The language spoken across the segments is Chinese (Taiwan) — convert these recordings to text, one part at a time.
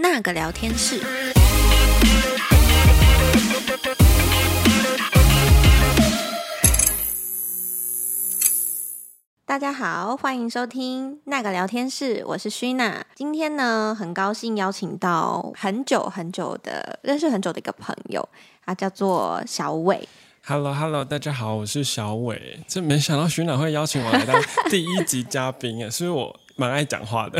娜個聊天室。大家好，歡迎收聽娜個聊天室，我是徐娜。今天呢，很高興邀請到很久很久的、認識很久的一個朋友，他叫做小偉。Hello Hello，大家好，我是小偉。真沒想到徐娜會邀請我來當第一集嘉賓哎，所以 我。蠻愛講話的，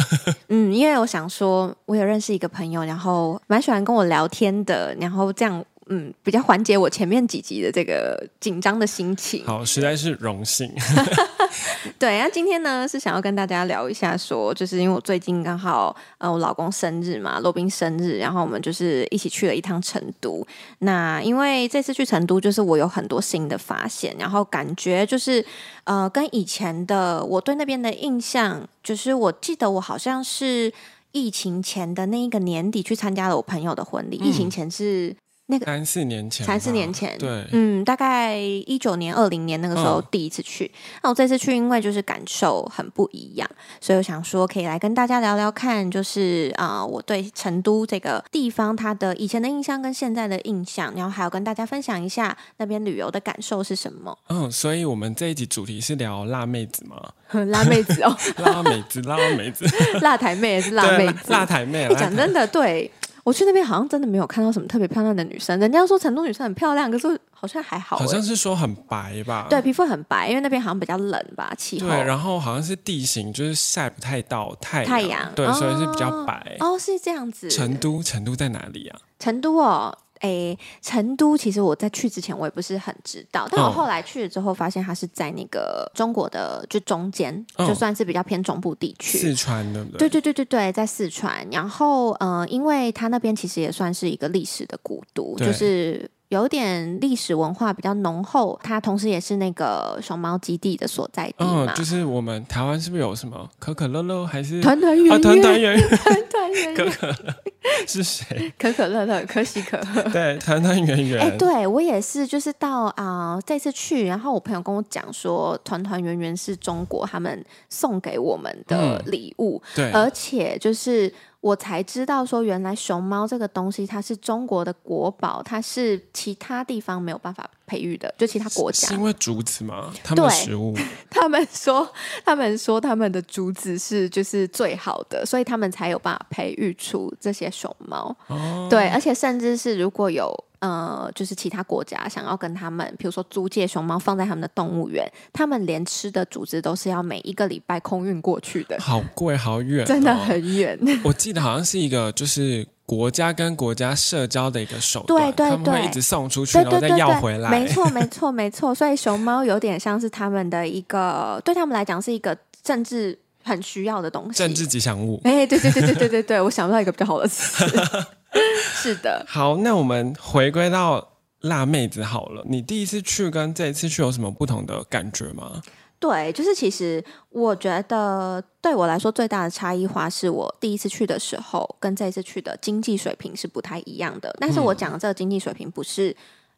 嗯，因為我想說，我有認識一個朋友，然後蠻喜歡跟我聊天的，然後這樣，嗯，比較緩解我前面幾集的這個緊張的心情。好，實在是榮幸。對 對，啊，今天呢是想要跟大家聊一下說，說就是因為我最近剛好呃我老公生日嘛，羅賓生日，然後我們就是一起去了一趟成都。那因為這次去成都，就是我有很多新的發現，然後感覺就是呃跟以前的我對那邊的印象，就是我記得我好像是疫情前的那一個年底去參加了我朋友的婚禮，嗯、疫情前是。那個、三四年前，三四年前，對，嗯，大概一九年、二零年那個時候第一次去。嗯、那我這次去，因為就是感受很不一樣，所以我想說可以來跟大家聊聊看就是啊、呃，我對成都這個地方它的以前的印象跟現在的印象，然後還要跟大家分享一下那邊旅遊的感受是什麼。嗯，所以我們這一集主題是聊辣妹子嗎？辣妹子哦，辣妹子，哦、 辣妹子，辣妹子 辣台妹也是辣妹子，辣,辣台妹，辣台。你講真的，對。我去那邊好像真的沒有看到什麼特別漂亮的女生，人家說成都女生很漂亮，可是好像還好、欸，好像是說很白吧？對，皮膚很白，因為那邊好像比較冷吧，氣候。對，然後好像是地形就是曬不太到太太陽，對，所以是比較白。哦，是這樣子。成都，成都在哪裡啊？成都哦。誒，成都其實我在去之前我也不是很知道，但我後來去了之後，發現它是在那個中國的就中間，哦、就算是比較偏中部地區。四川的，的對，對對對對對，在四川。然後嗯、呃，因為它那邊其實也算是一個歷史的古都，對就是。有點歷史文化比較濃厚，它同時也是那個熊貓基地的所在地嘛。嗯，就是我們台灣是不是有什麼可可樂樂，還是團團圓圓？團團圓圓，團團圓圓是誰？可可樂樂 誰，可喜可樂對，團團圓圓。哎、欸，對我也是，就是到啊，這、呃、次去，然後我朋友跟我講說，團團圓圓是中國他們送給我們的禮物、嗯，對，而且就是。我才知道說，原來熊貓這個東西，它是中國的國寶，它是其他地方沒有辦法培育的，就其他國家是，是因為竹子嗎？他們的食物。對，他們說，他們說他們的竹子是就是最好的，所以他們才有辦法培育出這些熊貓。哦，對，而且甚至是如果有。呃，就是其他國家想要跟他們，比如說租借熊貓放在他們的動物園，他們連吃的竹子都是要每一個禮拜空運過去的，好貴。哦，好遠，真的很遠。我記得好像是一個就是國家跟國家社交的一個手段，對，對對，一直送出去，對對對對，然後再要回來。沒錯，沒錯，沒錯。所以熊貓有點像是他們的一個，對他們來講是一個政治很需要的東西，政治吉祥物。哎、欸，對對對對對對對，我想不到一個比較好的詞。 是的，好，那我們回歸到辣妹子好了。你第一次去跟這一次去有什麼不同的感覺嗎？對，就是其實我覺得對我來說最大的差異化是我第一次去的時候跟這一次去的經濟水平是不太一樣的。嗯、但是我講的這個經濟水平不是。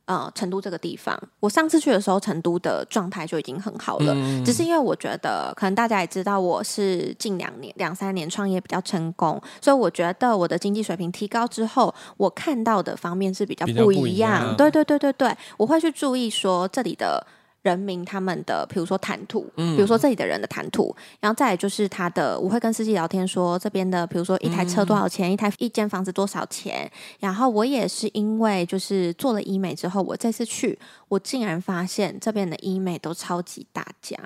呃，成都這個地方，我上次去的時候，成都的狀態就已經很好了。嗯、只是因為我覺得，可能大家也知道，我是近兩年兩三年創業比較成功，所以我覺得我的經濟水平提高之後，我看到的方面是比較不一樣。一樣啊、對對對對對，我會去注意說這裡的。人民他們的，比如說談吐，比如說這裡的人的談吐，嗯、然後再來就是他的，我會跟司機聊天說這邊的，比如說一台車多少錢，嗯、一台一間房子多少錢。然後我也是因為就是做了醫美之後，我這次去，我竟然發現這邊的醫美都超級大家。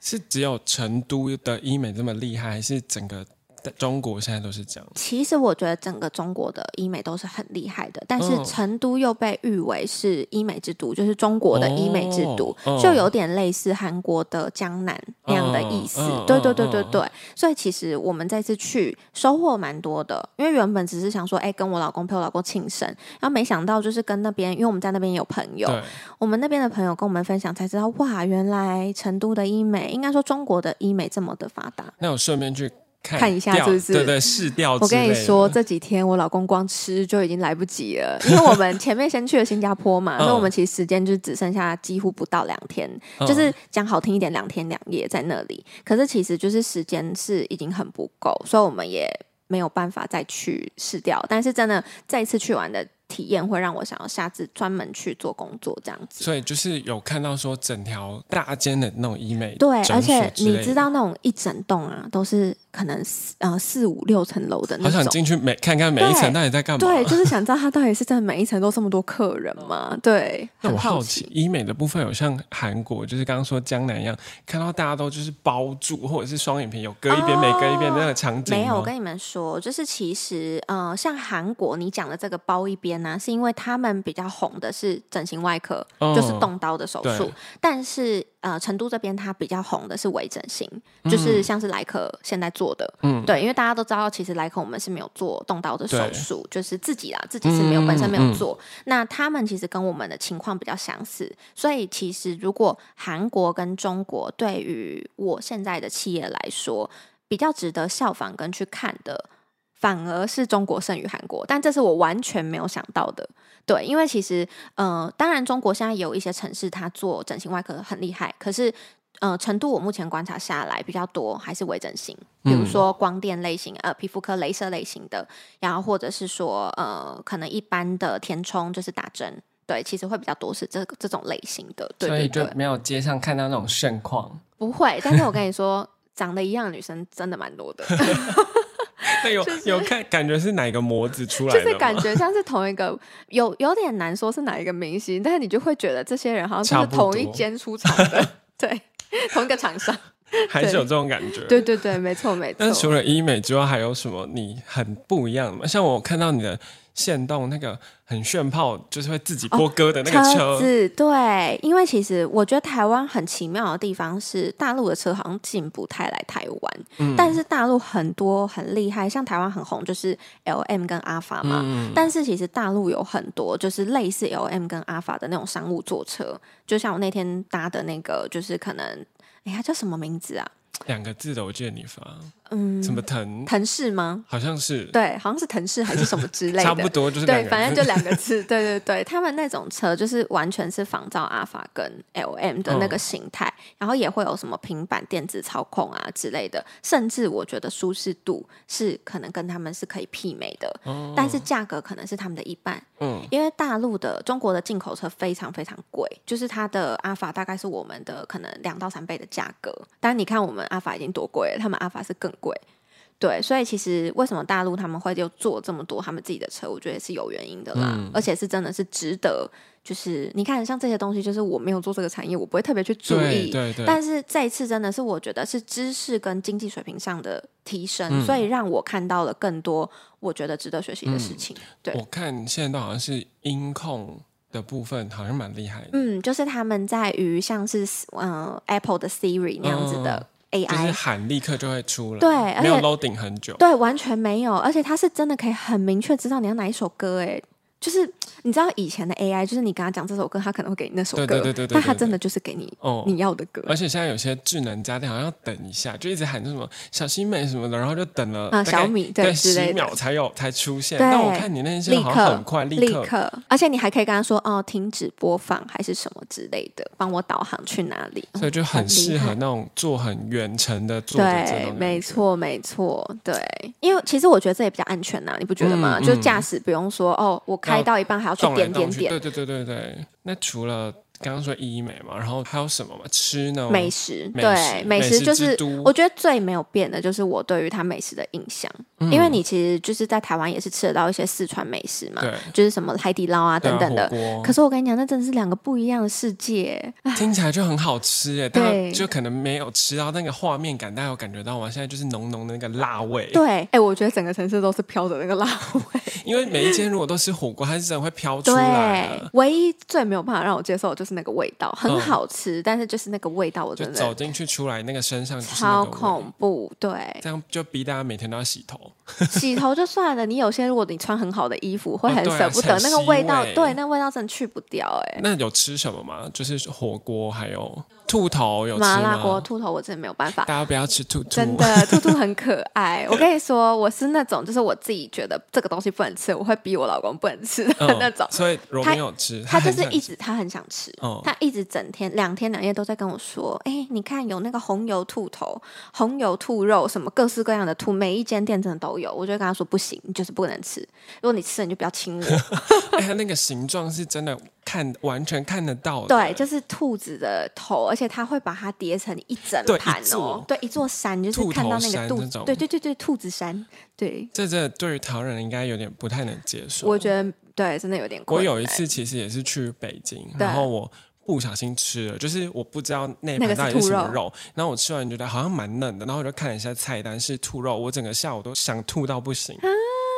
是只有成都的醫美這麼厲害，還是整個？在中國現在都是這樣。其實我覺得整個中國的醫美都是很厲害的，但是成都又被譽為是醫美之都，就是中國的醫美之都，哦、就有點類似韓國的江南那樣的意思。哦、對，對對對對對，哦哦、所以其實我們這次去收穫蠻多的，因為原本只是想說，哎、欸，跟我老公陪我老公慶生，然後沒想到就是跟那邊，因為我們在那邊也有朋友，對我們那邊的朋友跟我們分享才知道，哇，原來成都的醫美，應該說中國的醫美這麼的發達。那我順便去。看一下是不是？對對市調之類的。我跟你說，這幾天我老公光吃就已經來不及了。 因為我們前面先去了新加坡嘛， 所以我們其實時間就只剩下幾乎不到兩天，嗯、就是講好聽一點，兩天兩夜在那裡。可是其實就是時間是已經很不夠，所以我們也沒有辦法再去市調。但是真的再一次去玩的。體驗會讓我想要下次專門去做工作這樣子，所以就是有看到說整條大間的那種醫美，對,而且你知道那種一整棟啊，都是可能四呃四五六層樓的那種。好想進去每看看每一層到底在幹嘛，對，就是想知道他到底是在每一層都這麼多客人嗎？ 對，很好奇。醫美的部分有像韓國，就是剛剛說江南一樣，看到大家都就是包住或者是雙眼皮有割一邊，哦、沒割一邊那樣的場景。沒有，我跟你們說，就是其實呃，像韓國你講的這個包一邊。那是因為他們比較紅的是整形外科，oh, 就是動刀的手術。對但是呃，成都這邊它比較紅的是微整形，嗯、就是像是萊可現在做的。嗯、對，因為大家都知道，其實萊可我們是沒有做動刀的手術，對就是自己啦，自己是沒有、嗯、本身沒有做。嗯嗯、那他們其實跟我們的情況比較相似，所以其實如果韓國跟中國對於我現在的企業來說，比較值得效仿跟去看的。反而是中國勝於韓國，但這是我完全沒有想到的。對，因為其實，嗯、呃，當然中國現在有一些城市，它做整形外科很厲害。可是，呃，成都我目前觀察下來比較多還是微整形，比如說光電類型、呃，皮膚科、鐳射類型的，然後或者是說，呃，可能一般的填充就是打針。對，其實會比較多是這這種類型的。對，對，所以就沒有街上看到那種盛況。不會，但是我跟你說， 長得一樣的女生真的蠻多的。 有有看感覺是哪一個模子出來的，就是感覺像是同一個，有有點難說是哪一個明星，但是你就會覺得這些人好像是同一間出場的，不 對，同一個廠商，還是有這種感覺。對對對，沒錯沒錯。那除了醫美之外，還有什麼你很不一樣的嗎？像我看到你的。限動那個很炫炮，就是會自己播歌的那個車。哦、車子對，因為其實我覺得台灣很奇妙的地方是，大陸的車好像進不太來台灣。嗯、但是大陸很多很厲害，像台灣很紅就是 L M 跟阿法嘛。嗯、但是其實大陸有很多就是類似 L M 跟阿法的那種商務座車，就像我那天搭的那個，就是可能哎呀、欸、叫什麼名字啊？兩個字的，我記得你發。嗯，什麼騰騰勢嗎？好像是對，好像是騰勢還是什麼之類的， 差不多就是對，反正就兩個字，對對對。他們那種車就是完全是仿造阿法跟 L M 的那個形態，嗯、然後也會有什麼平板電子操控啊之類的，甚至我覺得舒適度是可能跟他們是可以媲美的，哦、但是價格可能是他們的一半。嗯，因為大陸的中國的進口車非常非常貴，就是它的阿法大概是我們的可能兩到三倍的價格，但你看我們阿法已經多貴了，他們阿法是更貴，對，所以其實為什麼大陸他們會就做這麼多他們自己的車，我覺得是有原因的啦，嗯、而且是真的是值得。就是你看，像這些東西，就是我沒有做這個產業，我不會特別去注意。對對。對對，但是這一次真的是，我覺得是知識跟經濟水平上的提升，嗯、所以讓我看到了更多我覺得值得學習的事情。嗯、對，我看現在都好像是音控的部分好像蠻厲害的。嗯，就是他們在於像是嗯、呃、Apple 的 Siri 那樣子的。嗯 AI 就是喊，立刻就會出來，對，沒有 loading 很久，對，完全沒有，而且它是真的可以很明確知道你要哪一首歌，欸，就是你知道以前的 AI，就是你跟他講這首歌，他可能會給你那首歌，對對對，但他真的就是給你你要的歌。而且現在有些智能家電好像要等一下，就一直喊什麼小心美什麼的，然後就等了啊，小米對，十幾秒才有才出現。但我看你那件事好像很快，立刻，而且你還可以跟他說哦，停止播放還是什麼之類的，幫我導航去哪裡。所以就很適合那種做很遠程的。對，沒錯，沒錯，對，因為其實我覺得這也比較安全吶，你不覺得嗎？就駕駛不用說哦，我看。到一半還要去點點點，對對對對對。那除了。剛剛說醫美嘛，然後還有什麼嘛？吃呢？美食，對，美食就是。我覺得最沒有變的，就是我對於他美食的印象，因為你其實就是在台灣也是吃得到一些四川美食嘛，對，就是什麼海底撈啊等等的。可是我跟你講，那真的是兩個不一樣的世界。聽起來就很好吃，但就可能沒有吃到那個畫面感，但我感覺到我現在就是濃濃的那個辣味。對，哎，我覺得整個城市都是飄着那個辣味，因為每一間如果都吃火鍋，它是怎會飄出來？唯一最沒有辦法讓我接受的就。是那個味道，很好吃，嗯、但是就是那個味道，我真的走進去出來那個身上個超恐怖，對，這樣就逼大家每天都要洗頭，洗頭就算了， 你有些如果你穿很好的衣服會很捨不得、啊啊、那個味道，味對，那個、味道真的去不掉、欸，哎，那有吃什麼嗎？就是火鍋，還有。兔頭有吃嗎？麻辣鍋兔頭，我真的沒有辦法。大家不要吃兔兔，真的兔兔很可愛。 我跟你說，我是那種就是我自己覺得這個東西不能吃，我會逼我老公不能吃的、嗯、那種。所以，他有吃，他，他就是一直他很想吃。他一直整天兩天兩夜都在跟我說：“哎、嗯欸，你看有那個紅油兔頭、紅油兔肉，什麼各式各樣的兔，每一間店真的都有。”我就會跟他說：“不行，你就是不能吃。如果你吃了，你就不要親我。 欸”哎，那個形狀是真的。看，完全看得到的，對，就是兔子的頭，而且他會把它疊成一整盤哦，對,對，一座山，就是看到那個那種，對，對就,就,就,就兔子山，對，這這對於唐人應該有點不太能接受，我覺得對，真的有點困難。我有一次其實也是去北京，對然後我不小心吃了，就是我不知道那盤到底是什麼肉，肉然後我吃完覺得好像蠻嫩的，然後我就看了一下菜單是兔肉，我整個下午都想吐到不行。嗯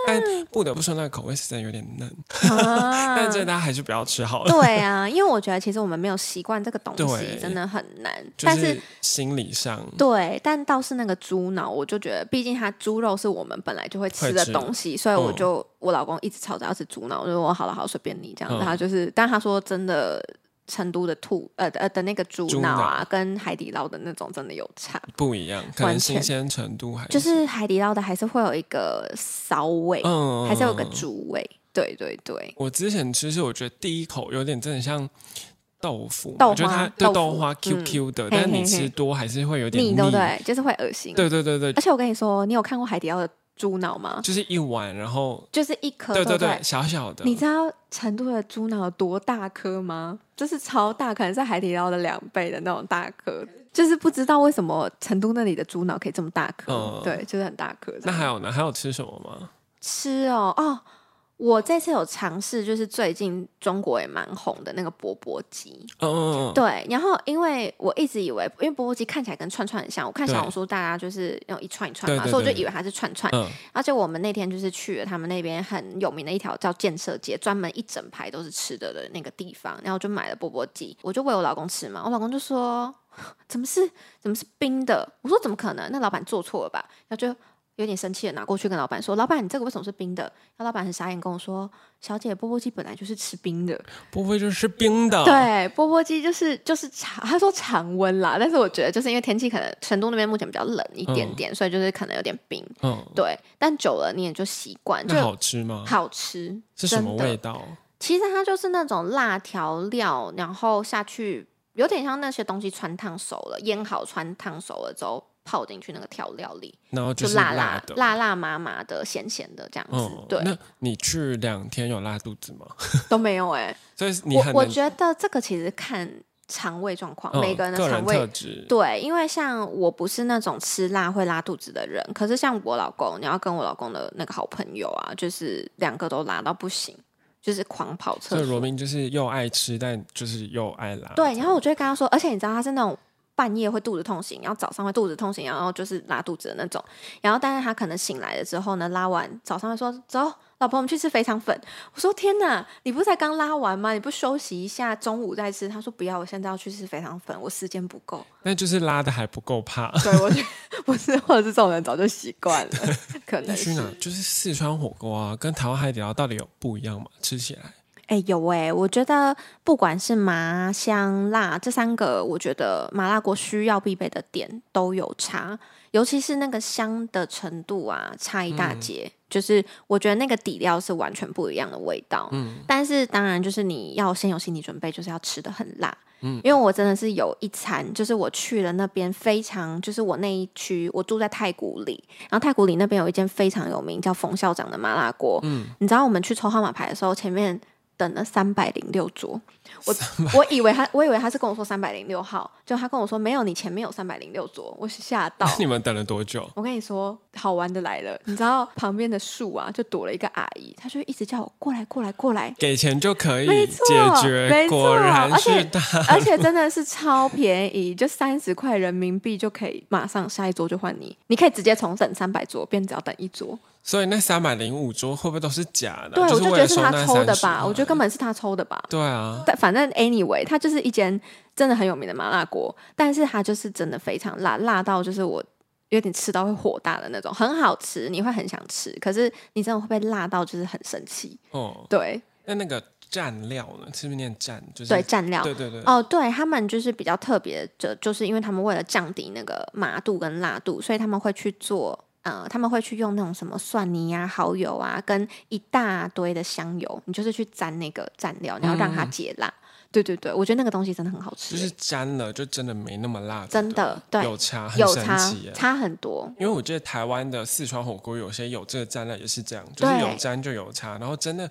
但不得不說，那個口味實在有點嫩，啊、呵呵但這大家還是不要吃好了。對啊，因為我覺得其實我們沒有習慣這個東西，真的很難。對但是，是心理上，對，但倒是那個豬腦，我就覺得，畢竟它豬肉是我們本來就會吃的東西，吃所以我就、嗯、我老公一直吵着要吃豬腦，我就說我好了好，隨便你這樣子。嗯、他就是，但他說真的。成都的兔呃呃的那個豬腦啊，豬腦，跟海底撈的那種真的有差，不一樣，可能新鮮程度還是，就是海底撈的還是會有一個騷味，嗯，還是有一個豬味，對對對。我之前其實我覺得第一口有點真的像豆腐，覺得豆花它豆，豆腐對豆花 Q Q 的，嗯，但你吃多還是會有點嘿嘿嘿膩，對，就是會惡心，對對對對。而且我跟你說，你有看過海底撈的？豬腦嗎？就是一碗，然後就是一顆，對對對，對對小小的。你知道成都的豬腦有多大顆嗎？就是超大，可能是海底撈的兩倍的那種大顆，就是不知道為什麼成都那裡的豬腦可以這麼大顆，嗯、對，就是很大顆。那還有呢？還有吃什麼嗎？吃哦，哦。我這次有嘗試，就是最近中國也蠻紅的那個缽缽雞，哦哦哦，對。然後因為我一直以為，因為缽缽雞看起來跟串串很像，我看小紅書大家就是用一串一串嘛，對對對，所以我就以為它是串串。對對對，嗯，而且我們那天就是去了他們那邊很有名的一條叫建設街，專門一整排都是吃的的那個地方，然後就買了缽缽雞，我就餵我老公吃嘛，我老公就說：“怎麼是怎麼是冰的？”我說：“怎麼可能？那老闆做錯了吧？”然後就。有點生氣了，拿過去跟老板說：“老板，你這個為什麼是冰的？”然後老板很傻眼，跟我說：“小姐，缽缽雞本來就是吃冰的，鉢鉢雞就是冰的。”對，缽缽雞就是就是常，他說常溫啦，但是我覺得就是因為天氣可能成都那邊目前比較冷一點點，嗯、所以就是可能有點冰。嗯，對，但久了你也就習慣。就，那好吃嗎？好吃。是什麼味道？其實它就是那種辣調料，然後下去有點像那些東西汆燙熟了，醃好汆燙熟了之後。泡進去那個調料裡，然後就辣辣的，辣辣麻麻的，鹹鹹的這樣子。嗯、對，那你去兩天有拉肚子嗎？都沒有哎、欸。 所以你很，我我覺得這個其實看腸胃狀況，嗯、每個人的腸胃特質，對，因為像我不是那種吃辣會拉肚子的人，可是像我老公，你要跟我老公的那個好朋友啊，就是兩個都拉到不行，就是狂跑廁所。羅賓就是又愛吃，但就是又愛拉。對，然後我就跟他說，而且你知道他是那種。半夜會肚子痛醒，然後早上會肚子痛醒，然後就是拉肚子的那種。然後但是他可能醒來了之後呢，拉完早上會說：“走，老婆，我們去吃肥腸粉。”我說：“天哪，你不是才剛拉完嗎？你不休息一下，中午再吃？”他說：“不要，我現在要去吃肥腸粉，我時間不夠。”那就是拉的還不夠怕。對，我覺得不是，或者是這種人早就習慣了， 可能是。 去哪？就是四川火鍋啊，跟台灣海底撈到底有不一樣嗎？吃起來？哎，有哎，我覺得不管是麻、香、辣這三個，我覺得麻辣鍋需要必備的點都有差，尤其是那個香的程度啊，差一大截。嗯，就是我覺得那個底料是完全不一樣的味道。嗯，但是當然就是你要先有心理準備，就是要吃得很辣。嗯，因為我真的是有一餐，就是我去了那邊，非常就是我那一區，我住在太古里，然後太古里那邊有一間非常有名叫馮校長的麻辣鍋。嗯，你知道我們去抽號碼牌的時候，前面。等了三百零六桌，我百我以為他，我以為他是跟我說三百零六號，就他跟我說沒有，你前面有三百零六桌，我是嚇到。你們等了多久？我跟你說，好玩的來了，你知道 旁邊的樹啊，就躲了一個阿姨，她就一直叫我過來，過來，過來，給錢就可以沒錯解決是大沒。沒錯，而且 而且真的是超便宜，就三十塊人民幣就可以馬上下一桌就換你，你可以直接重整三百桌，變只要等一桌。所以那三百零五桌會不會都是假的？對，就我就覺得是他抽的吧，我覺得根本是他抽的吧。對啊，但反正 anyway，它就是一間真的很有名的麻辣鍋，但是它就是真的非常辣，辣到就是我有點吃到會火大的那種。很好吃，你會很想吃，可是你真的會被辣到，就是很生氣。哦，對。那那個蘸料呢？是不是念蘸？就是對蘸料，對，對對對。哦，對他們就是比較特別的，就是因為他們為了降低那個麻度跟辣度，所以他們會去做。呃，他們會去用那種什麼蒜泥啊、蠔油啊，跟一大堆的香油，你就是去沾那個蘸料，然後讓它解辣。嗯、對對對，我覺得那個東西真的很好吃，欸，就是沾了就真的沒那麼辣。真的，對，有差，很神奇欸，有差，差很多。因為我覺得台灣的四川火鍋有些有這個蘸料也是這樣，就是有沾就有差，然後真的，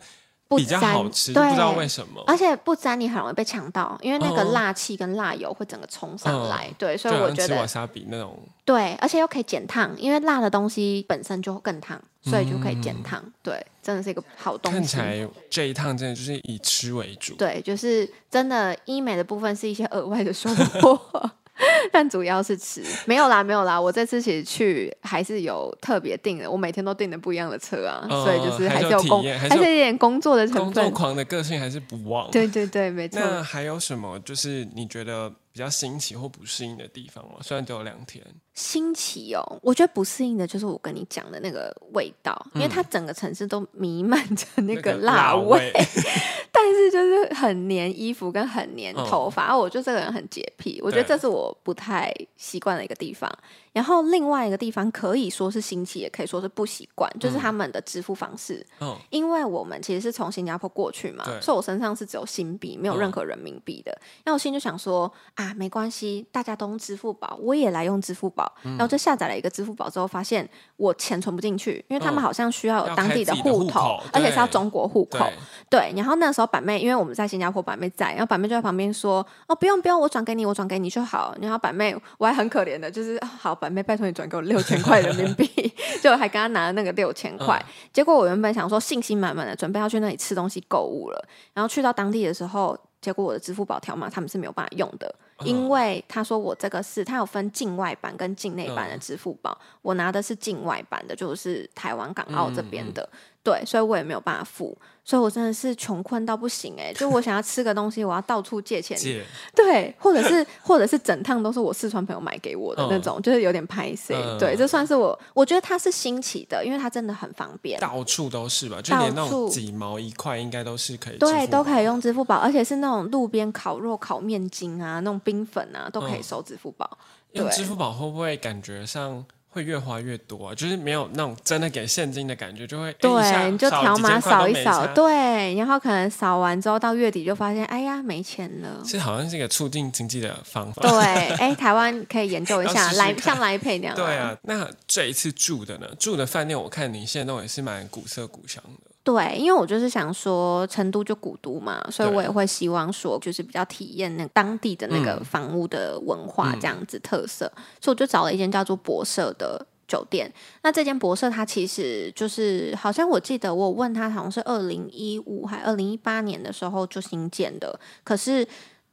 比較好吃，對不知道為什麼。而且不沾你很容易被嗆到，因為那個辣氣跟辣油會整個衝上來。哦、對，所以好我覺得比那種。對，而且又可以減燙，因為辣的東西本身就更燙，所以就可以減燙。嗯嗯對，真的是一個好東西。看起來這一趟真的就是以吃為主，對，就是真的醫美的部分是一些額外的收穫。 但主要是吃，沒有啦，沒有啦。我這次其實去還是有特別訂的，我每天都訂的不一樣的車啊，嗯、所以就是還是有工，還是有點工作的成分。工作狂的個性還是不忘。對對對，沒錯。那還有什麼就是你覺得比較新奇或不適應的地方嗎？雖然只有兩天。新奇哦，我覺得不適應的就是我跟你講的那個味道，嗯、因為它整個城市都彌漫着那個辣味。 但是就是很黏衣服跟很黏頭髮，oh. 而我就這個人很潔癖，對我覺得這是我不太習慣的一個地方。然後另外一個地方可以說是新奇，也可以說是不習慣，就是他們的支付方式。嗯，哦、因為我們其實是從新加坡過去嘛，對所以我身上是只有新幣，沒有任何人民幣的。嗯、然後我心就想說啊，沒關係，大家都用支付寶，我也來用支付寶。嗯、然後就下載了一個支付寶之後，發現我錢存不進去，因為他們好像需要有當地的戶、的戶口，而且是要中國戶口。對、對、對。然後那時候板妹，因為我們在新加坡，板妹在，然後板妹就在旁邊說，哦，不用不用，我轉給你，我轉給你就好。然後板妹，我還很可憐的，就是、啊、好。沒拜託你轉給我六千塊人民幣， 就還剛剛拿了那個六千塊。嗯、結果我原本想說信心滿滿的準備要去那裡吃東西、購物了，然後去到當地的時候，結果我的支付寶條碼他們是沒有辦法用的，嗯、因為他說我這個是他有分境外版跟境內版的支付寶，嗯、我拿的是境外版的，就是台灣、港澳這邊的，嗯、對，所以我也沒有辦法付。所以，我真的是窮困到不行哎、欸！就我想要吃個東西，我要到處借錢， 對，或者是，或者是整趟都是我四川朋友買給我的那種，嗯、就是有點拍攝、欸嗯、對，這算是我，我覺得它是新奇的，因為它真的很方便，到處都是吧，就連那種幾毛一塊，應該都是可以，對，都可以用支付寶，而且是那種路邊烤肉、烤面筋啊，那種冰粉啊，都可以收支付寶。嗯、對用支付寶會不會感覺上？會越花越多，啊，就是沒有那種真的給現金的感覺，就會，對，你就條碼掃一掃，對，然後可能掃完之後到月底就發現，哎呀，沒錢了。這好像是一個促進經濟的方法。對，哎，台灣可以研究一下， 試試來像來配那樣，啊。對啊，那這一次住的呢？住的飯店我看你現在弄也是蠻古色古香的。對，因為我就是想說成都就古都嘛，所以我也會希望說，就是比較體驗那當地的那個房屋的文化這樣子特色，嗯嗯、所以我就找了一間叫做博舍的酒店。那這間博舍它其實就是好像我記得我問他，好像是二零一五還二零一八年的時候就新建的，可是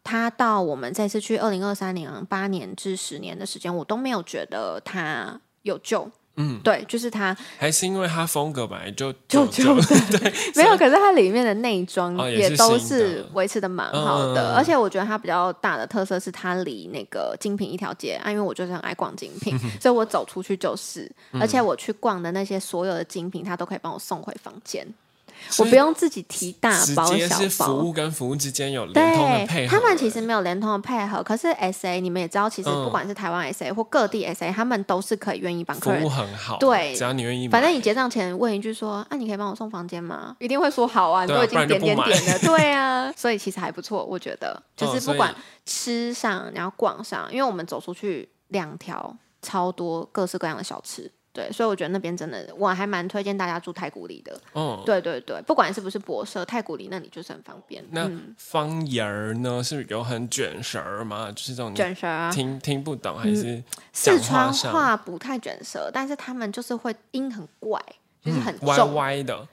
他到我們這次去二零二三年，八年至十年的時間，我都沒有覺得它有舊。嗯，對，就是它，還是因為它風格本來就就就對 對，沒有。以可是它裡面的內裝也都是維持的蠻好的，哦的嗯、而且我覺得它比較大的特色是它離那個精品一條街啊，因為我就是很愛逛精品，嗯、哼所以我走出去就是，而且我去逛的那些所有的精品，它都可以幫我送回房間。我不用自己提大包小包，直接是服務跟服務之間有聯通的配合，的配合。他們其實沒有聯通的配合，可是 S A 你們也知道，其實不管是台灣 S A 或各地 SA, S A，、嗯、他們都是可以願意幫客人，服務很好。對，只要你願意。反正你結賬前問一句說：“啊，你可以幫我送房間嗎？”一定會說好啊，你都已經點點點的。對啊，對啊，所以其實還不錯，我覺得就是不管吃上，然後逛上，哦、因為我們走出去兩條超多各式各樣的小吃。對，所以我覺得那邊真的，我還蠻推薦大家住太古里的，哦、對對對，不管是不是博舍，太古里那裡就是很方便。那、嗯、方言兒呢，是不是有很卷舌嗎？就是這種卷舌啊？聽聽不懂、嗯、還是？四川話不太卷舌，但是他們就是會音很怪，就是很、嗯、歪歪的。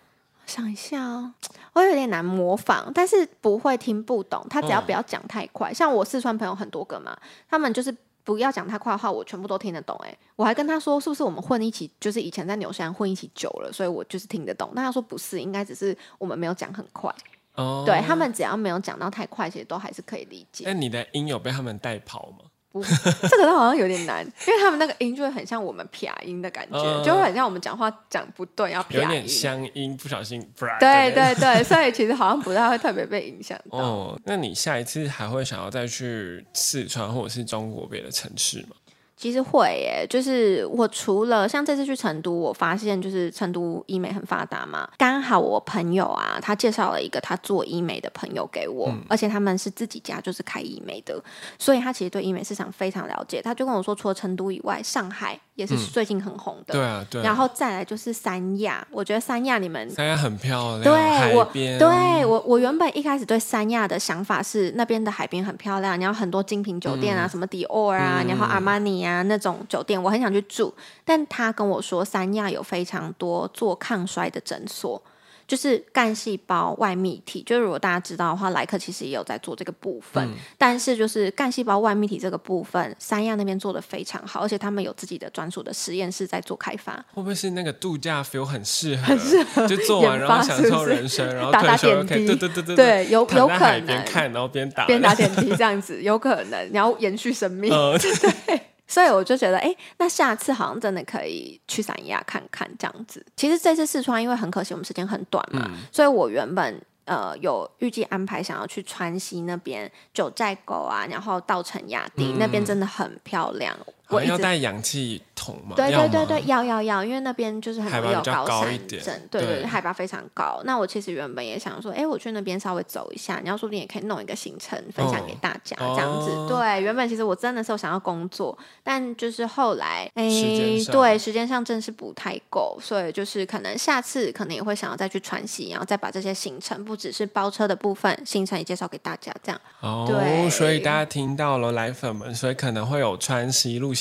想一下啊、哦，我有點難模仿，但是不會聽不懂。他只要不要講太快。嗯、像我四川朋友很多個嘛，他們就是。不要講太快的話，我全部都聽得懂、欸。哎，我還跟他說，是不是我們混一起，就是以前在紐西蘭混一起久了，所以我就是聽得懂。那他說不是，應該只是我們沒有講很快。哦、oh.，對，他們只要沒有講到太快，其實都還是可以理解。那、欸、你的音有被他們帶跑嗎？不，這個都好像有點難， 因為他們那個音就會很像我們撇音的感覺，呃、就會很像我們講話講不對，要撇，有點鄉音，不小心。對對對， 所以其實好像不太會特別被影響到。哦，那你下一次還會想要再去四川或者是中國別的城市嗎？其實會誒、欸，就是我除了像這次去成都，我發現就是成都醫美很發達嘛。剛好我朋友啊，他介紹了一個他做醫美的朋友給我，嗯、而且他們是自己家就是開醫美的，所以他其實對醫美市場非常了解。他就跟我說，除了成都以外，上海也是最近很紅的。嗯、對啊，對啊。然後再來就是三亞，我覺得三亞你們三亞很漂亮，對，啊、對，我對我我原本一開始對三亞的想法是那邊的海邊很漂亮，然後很多精品酒店啊，嗯、什麼迪奧啊，嗯、然後阿瑪尼啊。啊，那種酒店我很想去住，但他跟我說三亞有非常多做抗衰的診所，就是幹細胞外泌體。就是如果大家知道的話，萊可其實也有在做這個部分，嗯、但是就是幹細胞外泌體這個部分，三亞那邊做的非常好，而且他們有自己的專屬的實驗室在做開發。會不會是那個度假 feel 很適合？很適合就做完然後享受人生，然後打打點滴？OK, 對，有有可能看，然後邊打邊打點滴這樣子， 有可能然後延續生命。嗯、 對。所以我就覺得，哎，那下次好像真的可以去三亞看看這樣子。其實這次四川，因為很可惜我們時間很短嘛，嗯、所以我原本呃有預計安排想要去川西那邊九寨溝啊，然後稻城亞丁、嗯、那邊真的很漂亮。啊、我要帶氧氣筒嗎？對對對對，要嗎要要，要，因為那邊就是很有高山症。對，對對，對海拔非常高。那我其實原本也想說，哎、欸，我去那邊稍微走一下。你要說不定也可以弄一個行程分享給大家，哦、這樣子。對，原本其實我真的是有想要工作，但就是後來，哎、欸，對，時間上真是不太夠，所以就是可能下次可能也會想要再去川西，然後再把這些行程，不只是包車的部分行程也介紹給大家，這樣。哦，對所以大家聽到了娜粉們，所以可能會有川西路。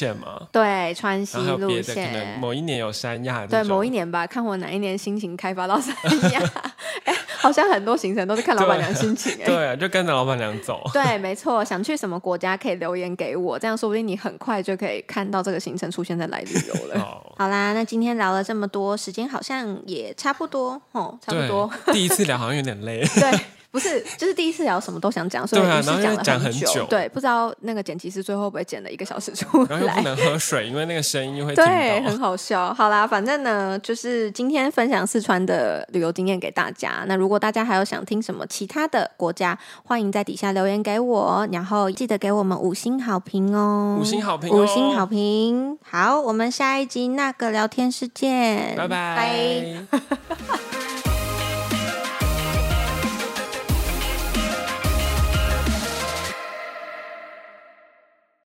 對，川西路線。某一年有三亞。對，某一年吧，看我哪一年心情開發到三亞、 欸。好像很多行程都是看老闆娘心情。欸，對。對，就跟着老闆娘走。對，沒錯。想去什麼國家可以留言給我，這樣說不定你很快就可以看到這個行程出現在萊旅遊了。 好，好啦，那今天聊了這麼多，時間好像也差不多，哦，差不多。第一次聊好像有點累。 對。不是，就是第一次聊什麼都想講，所以一直講了很久。對，啊、很久對，不知道那個剪輯師最後會不會剪了一個小時出來。然後又不能喝水，因為那個聲音會對，很好笑。好啦，反正呢，就是今天分享四川的旅遊經驗給大家。那如果大家還有想聽什麼其他的國家，歡迎在底下留言給我，然後記得給我們五星好評哦、喔。五星好評、喔，五星好評。好，我們下一集那個聊天室見。拜拜。Bye bye